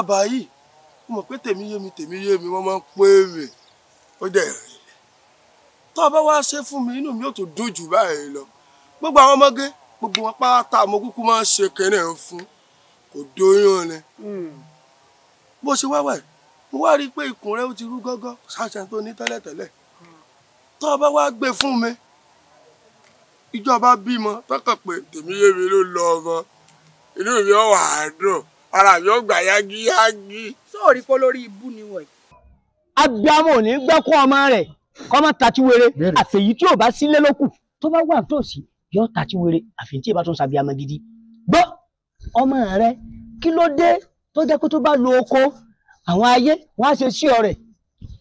àbá yìí mo mọ̀ pé tèmi yé mi tèmi yé mi wọ́n máa ń pé èrè ó dẹ̀ rìn tó bá wá ṣe fún mi inú mi ò tó dùn jù báyìí lọ gbogbo àwọn ọmọge gbogbo wọn pátá mo kúkú máa ń ṣe kẹ́nẹ̀ ń fún kò dóyún ni hmm. bó ṣe wáwà yìí mo wá rí i pé ikùn rẹ ó ti rú gọ́gọ́ ṣáṣà tó ní tẹ́lẹ̀tẹ́lẹ̀ tó bá wá gbé fún mi ìjọba bímọ tọkàn pé tèmi yé mi ló lọ ọmọ inú mi ò wà á dùn ara mi ò gbà yágíyágí. sóòrí kó lórí ibú ni wọ̀nyí. abiamọ ò ní gbẹ́kún ọmọ rẹ̀ kọ́ máa tati were àfẹ̀yí tí ò bá sílé lókù tó bá wà nítòsí yọ tati were àfẹ̀yí tí ì bá tún sàbí amọ gidi. gbọ́ ọmọ rẹ kí ló dé tó jẹ́ kó tó bá lo oko àwọn ayé wọ́n á ṣe sí ọ̀rẹ́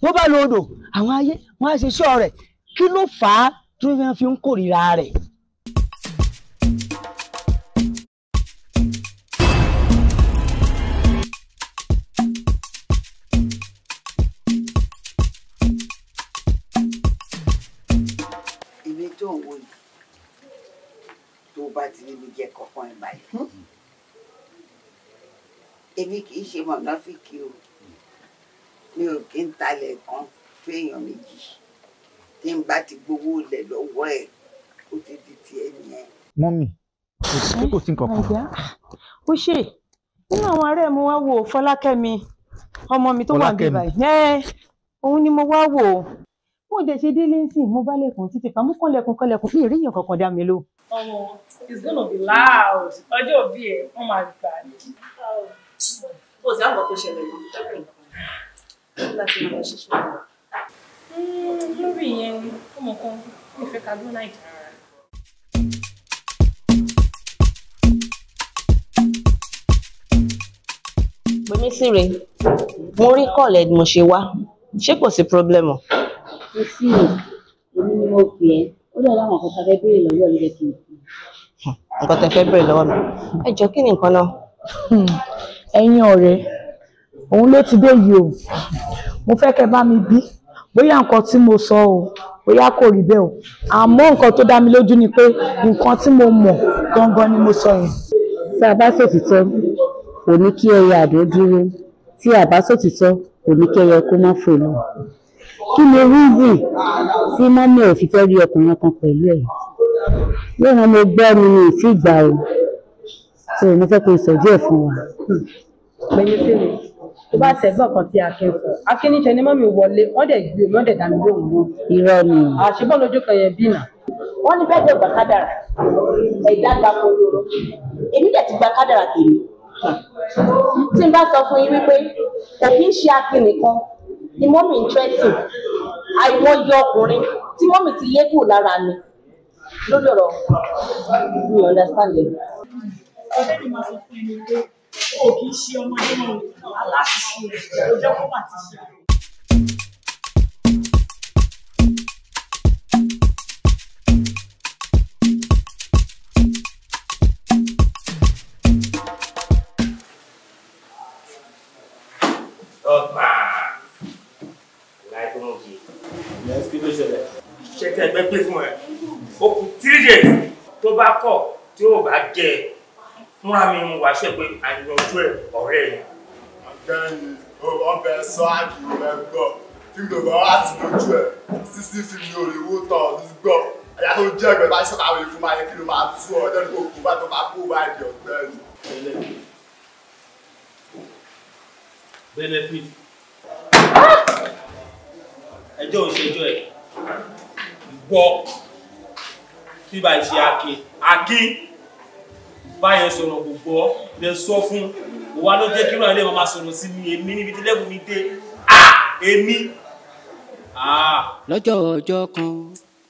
tó bá lo odò àwọn ayé wọ́n á ṣe sí ọ̀rẹ́ kí ló fà á tó fi ń kórìíra rẹ̀. èmi kì í ṣe mọ̀nàfíkì o mi ò kí ń talẹ̀ kan fún èèyàn méjì tí n bá ti gbowó lẹ̀ lọ́wọ́ ẹ̀ ó ti di tiẹ̀ nìyẹn. mọ́mì kò sí nǹkan kan. ó ṣe nínú àwọn ará ẹ̀ mo wá wo fọlákẹ́mi ọmọ mi tó wà níbí báyìí òun ni mo wá wò ó mo dẹ̀ ṣe délé sí mo bá lẹ̀kùn títí kan mú kànlẹ̀kùn kànlẹ̀kùn mi ìríyàn kankan dá mi ló. ọmọ it's gonna be loud ọjọ́ òbí ẹ̀ wọ́n máa gbà ní o ti àbọ̀ tó ṣẹlẹ̀ lọ láti máa ṣiṣẹ́ rẹ̀. lórí ìyẹn ọmọ kan mi fẹ́ ká gbọ́ láì dára. pèmí síre mo rí kọ́ọ̀lẹ̀ mo ṣe wá ṣé kò sí pírọ́blẹ́mù. kò sí o èmi ni mo pè é ó lọ láwọn nǹkan tá a fẹ́ béèrè lọ́wọ́ mi jẹ́ kí nǹkan tẹ́ fẹ́ béèrè lọ́wọ́ mi ẹ jọ kí ni nǹkan náà. Hmm ẹ̀yin ọ̀rẹ́ òun ló ti dé yìí o mo fẹ́ kẹ́ bá mi bí bóyá nǹkan tí mo sọ o bóyá kò rí bẹ́ẹ̀ o àmọ́ nǹkan tó dá mi lójú ni pé nǹkan tí mo mọ̀ gangan ni mo sọ yẹn. tí a bá sòtítọ́ kò ní kí ẹyẹ àdó dúró tí a bá sòtítọ́ kò ní kí ẹyẹ kó má fò lọ. kí ni rízì tí mọ́mí ẹ̀ fi fẹ́ rí ọkùnrin kan pẹ̀lú ẹ̀? lóhun mo gbọ́ ni mi ì o so mo fẹ́ kó sọ díẹ̀ fún wa. pẹ̀lú sèrè tó bá tẹ̀gbọ́n kan tí akin fún akin níṣẹ́ ni mọ́mí wọlé wọ́n dẹ̀ gbé omi wọ́n dẹ̀ dànù lóhùn lóhùn. irọ́ ni. àṣebọ́ lójú kan yẹn bínà. wọ́n ní bẹ́ẹ̀ dẹ̀ gbà kádàrà ẹ̀dá gba polówó èmi dẹ̀ ti gba kádàrà tèmi. tí n bá sọ fún yín wípé kò kí ń ṣe akin nìkan ni mọ́mí ń tẹ́tì àìmọye ọkùnrin tí mọ́mí ti yé kù lára mi lórí ọ̀rọ̀ mi understand ọjọ́ ni màá sọ fún ẹni pé o kì í ṣe ọmọdé náà aláṣìṣe ọjọ́ kó mà ti ṣe àrò. ṣe tẹ ẹgbẹ fún ẹ o kù three days tó bá kọ tí o bá jẹ múra mi mú wá ṣe pé àyànjú ẹ̀ ọ̀rẹ́ yẹn. ọ̀gbẹ́ni ọbẹ̀ sọ àdìrò ẹgbọ́ fíìmù tó bá wá lójú ẹ̀ sísí fíìmù olówó tọ̀ gbọ́ ẹ̀yà tó jẹ́ ẹgbẹ́ bá ṣe àwọn èèfún máa kí ló máa tú ọ ọjọ́ òkú bá tó máa kó wá di ọ̀gbẹ́ni. benefit ẹjọ́ òṣèjọ́ ẹ̀ gbọ́ bíbá ìṣe akin akin báyẹn sọ̀rọ̀ kò gbọ́ lè sọ fún wa ló jẹ́ kí wọ́n lè máa sọ̀rọ̀ sí mi èmi níbi tí lẹ́gùn mi dé à èmi. lọ́jọ́ ọjọ́ kan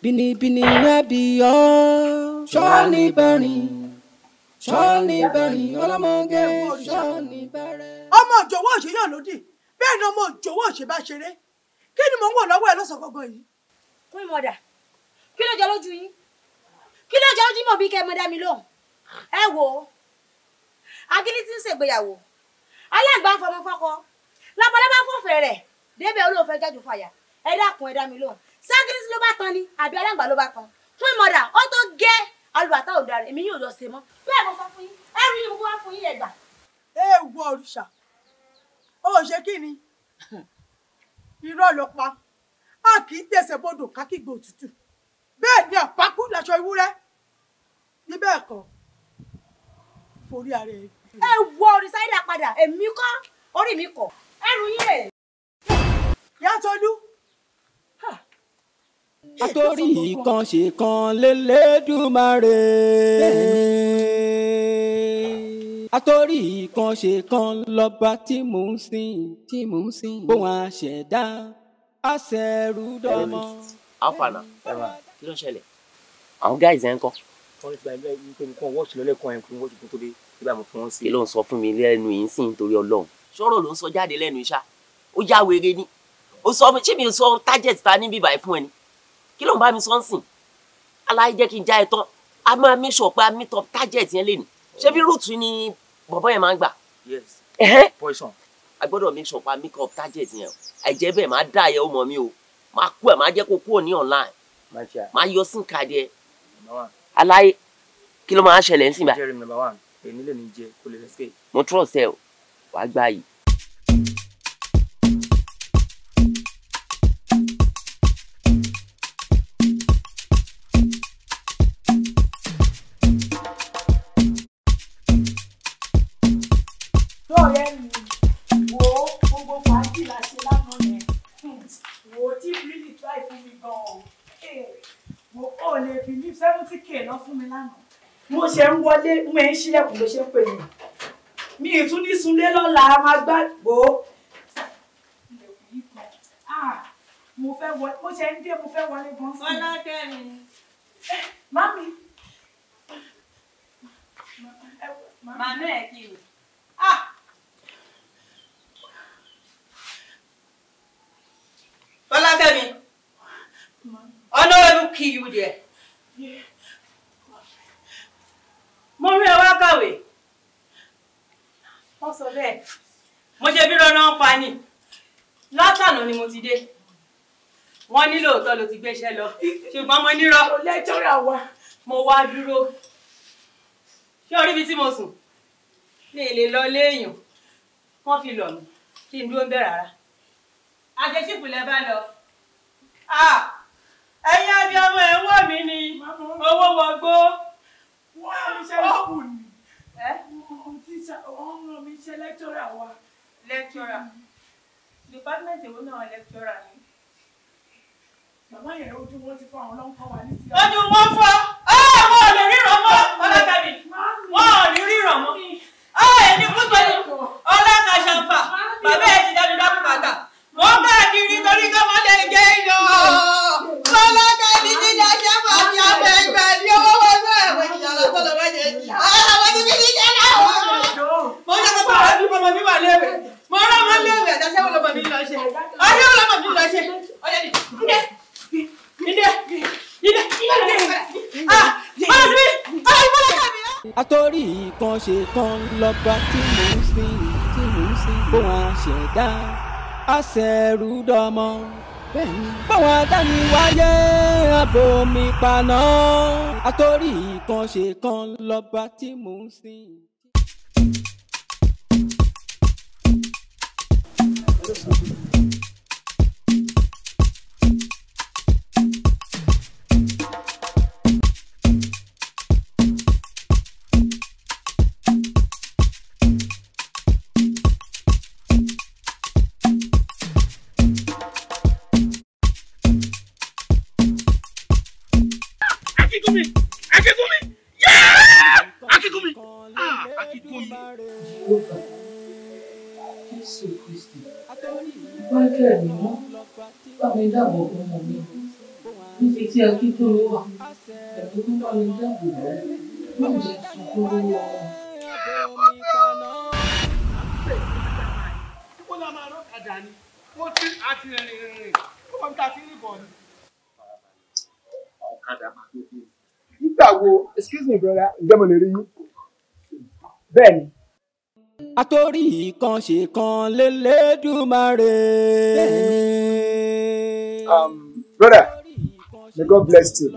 bínibíni ẹbí ọ ṣọ́ọ̀nì bẹ̀rìn ṣọ́ọ̀nì bẹ̀rìn ọlọ́mọge ṣọ́ọ̀nì bẹ̀rẹ̀. ọmọ òjòwò òṣèyàn lòdì bẹ́ẹ̀ ni ọmọ òjòwò òṣèbá ṣeré kí ni mò ń wọ̀ lọ́wọ́ ẹ lọ́sàn gangan yìí. kún ìmọ̀dà kí ló jẹ lójú yín kí ló jẹ lójú mọ̀ bí kẹ́ ẹ mi lóhùn ẹ wo agídí tí ń ṣègbéyàwó alágbà ń fọmọ fọkọ labalábá fọfẹ rẹ débẹ olóòfẹ jájú fàyà ẹ dákun ẹ dá mi lóhùn ságídí ló bá tan ni àbí alágbà ló bá tan fún ìmọ̀dà ó tó gẹ́ alùpàtà òdà rẹ èmi yóò lọ ṣe mọ́ bẹ́ẹ̀ mo sọ fún yín ẹ rí ìwúwo wá fún yín ẹgbà. ẹ wọ òrìṣà ó ṣe kí ni irọ́ ló pa a kì í tẹ̀sẹ̀ bodò kákìgbò òtútù bẹ́ẹ̀ ni àpákú làṣọ ewúrẹ́ níbẹ̀ kọ́ forí ara ẹ. ẹ wọ òrìṣàìdá padà èmi kọ́ orí mi kọ́ ẹrù yín rè. yàtọ̀lú. àtòrí kan ṣe kan lélẹ́dùmarè. àtòrí kan ṣe kan lọ́ba tí mò ń sìn tí mò ń sìn. bóun àṣẹ̀dá àṣẹrù dọ́mọ. àfààná kí ló ń ṣẹlẹ̀ àwọn gáàsì ẹ̀ ń kọ́ wọ́n ti gba ẹgbẹ́ yìí pé nǹkan wọ́ọ̀ṣì lọ́lẹ́kan ẹ̀kún wọ́ọ̀ṣì tó tóbi tí bá mo fún wọn sí. kí ló ń sọ fún mi lẹ́nu yìí sí nítorí ọlọ́run. sọ̀rọ̀ ló ń sọ jáde lẹ́nu iṣá ó já wèrè ni ó sọ ṣé mi sọ target ta ní bíbá ẹ̀ fún ẹ ni kí ló ń bá mi sọ ń sìn aláyé jẹ́ kí n já ẹ tán a máa make sure pé a meet up target yẹn lè ní ṣé bí route ni bọ̀bọ̀ yẹn máa ń gbà. yes poison. a gbọ́dọ̀ make sure pé a meet up target yẹn àìjẹ́ bẹ́ẹ̀ máa dá ẹ̀ ọmọ mi o máa kú ẹ̀ máa jẹ́ kó kúrò ní online máa yọ sim card ẹ̀ aláyé kí ló máa ń ṣẹlẹ̀ ń sìn báyìí. jẹ́rìí number one èyí mo trust ẹ o wàá gbá yìí wọlé ń ẹ̀ ń ṣílẹ̀kùn ló ṣe ń pè mí mi ì tún ní sunlé lọ́la máa gbàgbó. Ah, mo fẹ́ wọlé mo ṣe ń dé mo fẹ́ wọlé gan sí. ọlọ́dẹ mi. Eh, mami. màmá ẹ kí ni. ti dé wọ́n ní lóòótọ́ ló ti gbéṣẹ́ lọ ṣùgbọ́n mo nírọ́ lẹ́jọ́ra wa mo wá dúró ṣé orí ibi tí mo sùn mi lè lọ léèyàn wọ́n fi lọ̀ mí kí n dúró ń bẹ̀ rárá àjẹsíkù lẹ bá lọ ẹ̀yin abiyamọ ẹ wọ mí ni owó wọgbó. wọ́n á mi ṣe sùkù ni ọ̀hún ti mi ṣe lẹ́tọ́rà wa. lẹ́tọ́rà department èwo náà lecturer ni. bàbá yẹn ojú wọn ti fọ àwọn ọlọ́nkọ́ wa ní sílẹ̀. ojú wọn fọ wọn ò lè ríran mọ́ ọlágàbí wọn ò lè ríran mọ́ ẹni púpọ̀ ni ọlága ṣàǹfà bàbá ẹ̀ ti dájú dákú wọ́n bá a kiri torí kọ́mọdé gé ṣe tán lọ́ba tí mò ń sìn tí mò ń sìn bó wọn ṣẹ̀dá aṣẹ̀rúdọ́mọ. báwọn adáni wáyé abomi paná àtòrí kan ṣe kan lọ́ba tí mò ń sìn. Thank you. báwo dáàbò fún ọmọ mi níbi tí ẹkí tó ló wà ẹ̀mí tó bá lọ máa rọ́kadà ni ń ta sí ìbọn ni. wo excuse me brother ǹjẹ́ mo lè rí yín? bẹ́ẹ̀ àtòrí kan ṣe kan lélẹ́dùmarè. Um, brother may God bless you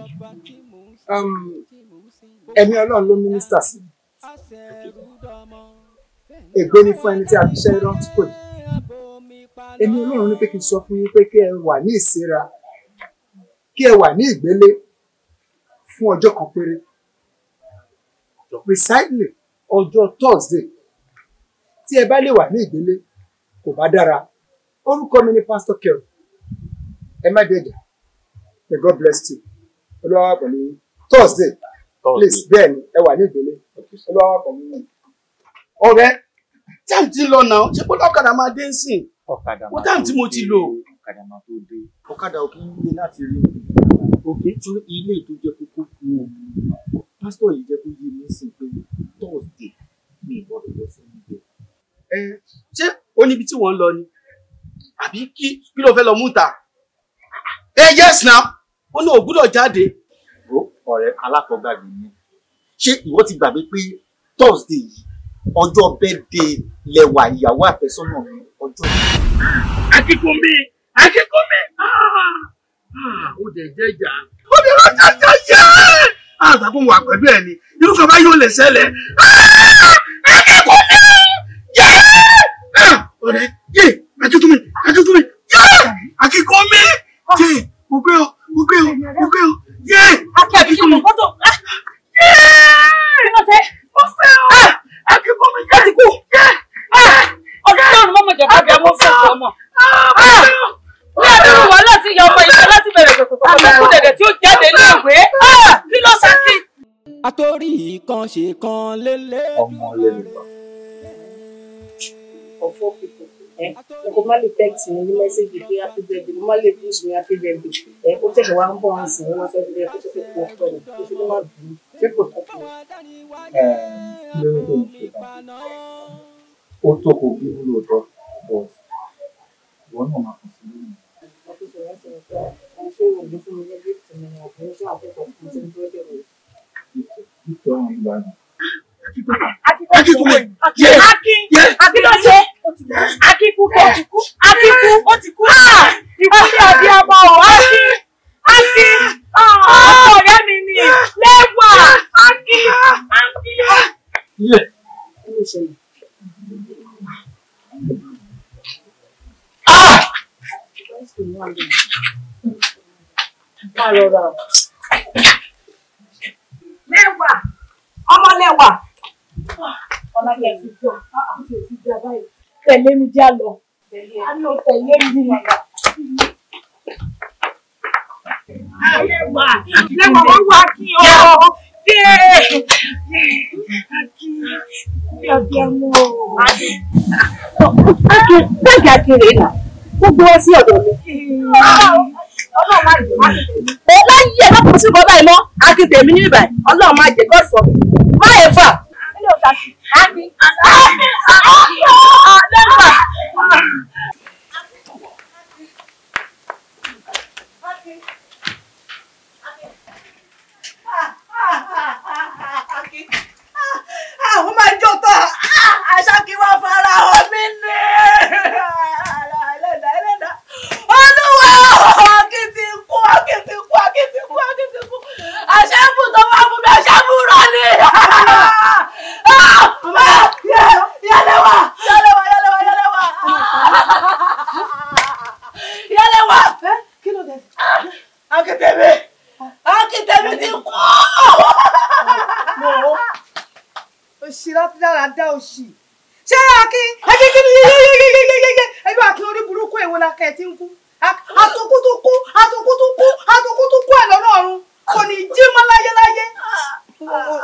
um, ẹ̀mí ọlọ́run ló mínísítà sí ègbé ni fún ẹni tí a fi ṣe rántí pè ẹ̀mí ọlọ́run ní pé kí n sọ fún yín pé kí ẹ wà ní ìsera kí ẹ wà ní ìgbélé fún ọjọ́ kan péré precisely ọjọ́ Thursday tí ẹ bá lè wà ní ìdílé kò bá dára orúkọ mi ni pastor kel ẹ má dẹjà may god bless you olúwa pẹ̀lú thursday please bẹ́ẹ̀ ni ẹ wà ní ìdílé olúwa wà pẹ̀lú yín. ọ̀rẹ́ táàmù ti lọ náà ṣé kó lọ́kadà máa dé sí i kó táàmù tí mo ti lò. ọ̀kadà máa tó dé ọ̀kadà ò kí ń lé láti rí òkè tún ilé tó jẹ kókó fún un pásítọ̀ yìí jẹ́ kó yé mi sí pé thursday Ni ìbọ̀dọ̀ lọ sí i ṣé ó níbi tí wọ́n lọ ni àbí kí kí ló fẹ́ lọ mú ta ẹ yes now ó ní ògbúdọ̀ jáde. ó ọ̀rẹ́ alákọ̀ọ́gbàgbé ni ṣé ìwọ ti gbàgbé pé thursday yìí ọjọ́ bẹ́ẹ̀dẹ̀ lẹ́wà ìyàwó àfẹ́sọ́nà mi ọjọ́ yìí. akíkúnmí akíkúnmí ah, ó dẹ̀ jẹ́jà. ó ní rọ́jà jẹ́jà ah, àgbà fún wa pẹ̀lú ẹ̀ ni irú bá yóò lè ṣẹlẹ̀ ah, akíkúnmí. or four people ẹ kò má lè text mi ní mẹ́sẹ̀gì pé happy birthday kò push mi happy birthday ẹ eh? ó tẹ̀sẹ̀ wá ń bọ̀ ń sìn wọ́n fẹ́ẹ́ bẹ̀rẹ̀ kó tó fi kún ọ̀pọ̀ rẹ̀ kó tó fi má dùn ṣé kò tó kù. ẹ lórí tó ń ṣe bá ó tó kò bí wúlò tọ bọ ìwọ náà máa kàn sí lónìí. Akin ló ṣe akíkú kò ti kú akíkú ó ti kú ikú ní àbí ọmọ ọ akí akí ah! ọmọ ọ̀rẹ́ mi ni ah! lẹ́wà ah! akí akí. Lẹ́wà ọmọ lẹ́wà ọmọ lẹ́wà ọmọ lẹ́wà báyìí tẹ̀lé mi já lọ àná tẹ̀lé mi. Lẹ́wà lẹ́wà wá kí ọ dé kí kí abiyamọ. Bẹ́ẹ̀ni Akinre nà, ó gbé wá sí ọ̀dọ̀ mi. Ọlọ́run má jẹ́ láyé ẹ̀ lọ́kùnrin sí ìbọn mọ́, Akinre mi ní ìbàdàn, Ọlọ́run má jẹ́ gọ́ọ̀sì ọ̀gbìn, má fà. Hello, Tati. Happy.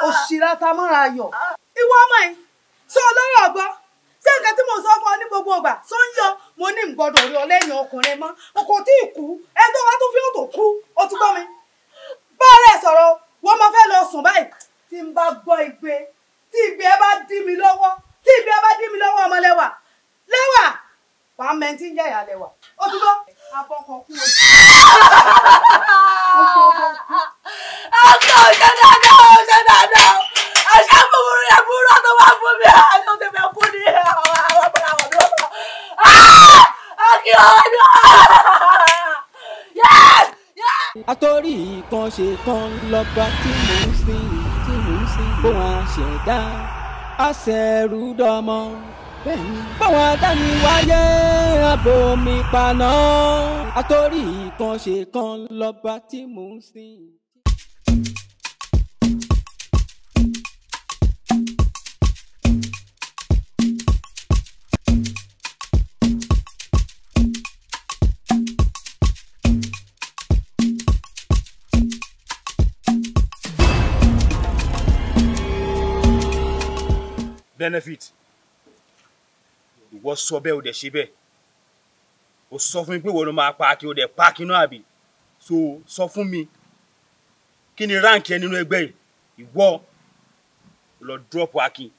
òṣìṣẹ́ ta mọ́ra ayọ̀. Ah. ìwọ ọmọ yìí sọ olórí ọgbọ ṣé nǹkan tí mo sọ fún ọ ní gbogbo ọgbà tó ń yọ mo ní gbọ́dọ̀ rí ọ lẹ́yìn ọkùnrin mọ́ o kò tí ì kú ẹni tó wá tó fi òtò kú o ti gbọ́ mi. báàrẹ̀ sọ̀rọ̀ wọ́n máa fẹ́ lọ sùn báyìí tí n bá gbọ́ igbe tí igbe bá dí mi lọ́wọ́ tí igbe bá dí mi lọ́wọ́ ọmọ lẹ́wà wàá mẹ́ntì ń yàyà lẹ́wà ó ti gbọ́ abọ́kọ̀ kú o. ọkọ ọjọ́ dáadáa ọjọ́ dáadáa ọjọ́ búburú yẹn búburú ọ̀tọ̀ wà fún mi àjọ tó fẹ́ kú ní àwọn ọmọdé àwọn ọmọdé ọkì ọdún. àtòrí kan ṣe kan lọ́gbà tí mò ń sìn tí mò ń sìn bó wọn ṣẹ̀dá àṣẹrù báwọn adániwáyé abomi paná àtòrí kan ṣe kan lọ́ba tí mò ń sìn. benefit ìwọ sọ bẹ́ẹ̀ o dẹ̀ ṣe bẹ́ẹ̀ o sọ fún mi pé ìwọ ló máa pa o dẹ̀ pa akin náà àbí so sọ fún mi kí ni ráǹkì ẹ nínú ẹgbẹ́ yìí ìwọ lọ drop akin.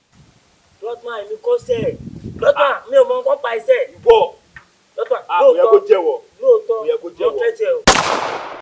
lọ́tàn èmi kò sẹ́ ẹ̀ lọ́tàn mi ò mọ nǹkan pa iṣẹ́ ìwọ lọ́tàn ah, lóòótọ́ lóòótọ́ lọ́tàn ẹ̀ tẹ̀ o.